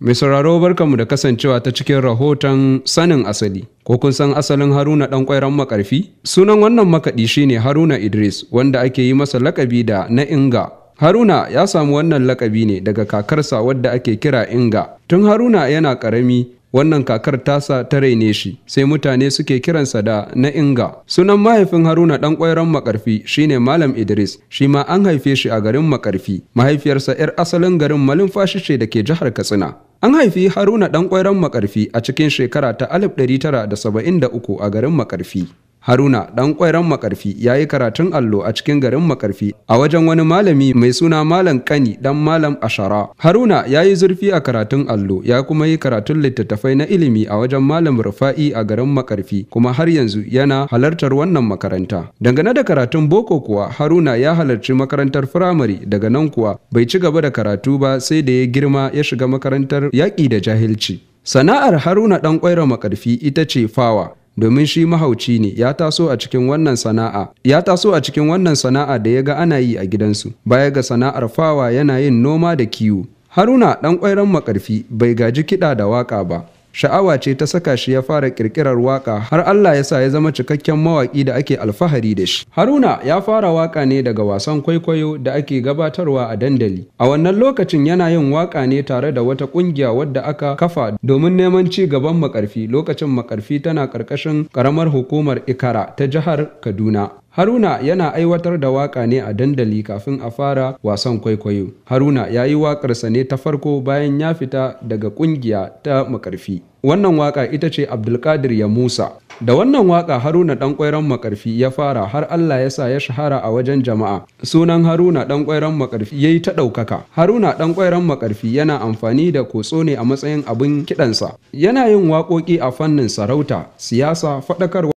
Mai sauraro barkanmu da kasancewa ta cikin rahoton sanin asali, ko kun san asalin Haruna ɗan ƙwairan makarfi? Sunan wannan makaɗi shine Haruna Idris wanda ake yi masa lakabi da na Inga. Haruna ya samu wannan lakabi ne daga kakarsa wadda ake kira Inga. Tun Haruna yana ƙarami wannan kakar tasa ta raine shi sai mutane suke kiransa da na inga sunan mahaifin haruna ɗan ƙwairon makarfi shine malam idris shi ma an haife shi a garin makarfi mahaifiyarsa 'yar asalin garin malumfashi ce da ke jihar katsina An haifi Haruna ɗan ƙwairon Makarfi a cikin shekara ta 1973 a garin Makarfi. Haruna ɗan ƙwairan makarfi ya yi karatun allo a cikin garin makarfi a wajen wani malami mai suna Malam ƙani ɗan Malam Ashara. Haruna ya yi zurfi a karatun allo ya kuma yi karatun littattafai na ilimi a wajen Malam Rufa'i a garin makarfi kuma har yanzu yana halartar wannan makaranta. Dangane da karatun boko kuwa Haruna ya halarci makarantar firamare daga nan kuwa bai ci gaba da karatu ba sai da ya girma ya shiga makarantar yaƙi da jahilci. Sana'ar Haruna ɗan ƙwairon makarfi ita ce fawa. domin shi mahauci ne ya taso a cikin wannan sana'a ya taso a cikin wannan sana'a da ya ga ana yi a gidansu baya ga sana'ar fawa yana yin noma da kiwo haruna ɗan ƙwairan makarfi bai gaji kiɗa da waƙa ba sha'awa ce ta saka shi ya fara kirkirar waka har Allah ya sa ya zama cikakken mawaki da ake alfahari da shi. Haruna ya fara waka ne daga wasan kwaikwayo da ake gabatarwa a dandali. A wannan lokacin yana yin waka ne tare da wata kungiya wadda aka kafa domin neman ci gaban makarfi lokacin makarfi tana karkashin karamar hukumar Ikara ta jihar Kaduna. Haruna yana aiwatar da waka ne a dandali kafin a fara wasan kwaikwayo. Haruna ya yi waƙarsa ne ta farko bayan ya fita daga ƙungiya ta makarfi. Wannan waka ita ce Abdulkadir ya Musa. Da wannan waka Haruna ɗan ƙwairan makarfi ya fara har Allah ya sa ya shahara a wajen jama'a. Sunan Haruna ɗan ƙwairon makarfi ya yi ta ɗaukaka. Haruna ɗan ƙwairan makarfi yana amfani da kotso ne a matsayin abin kiɗansa. Yana yin waƙoƙi a fannin sarauta, siyasa, faɗakarwa.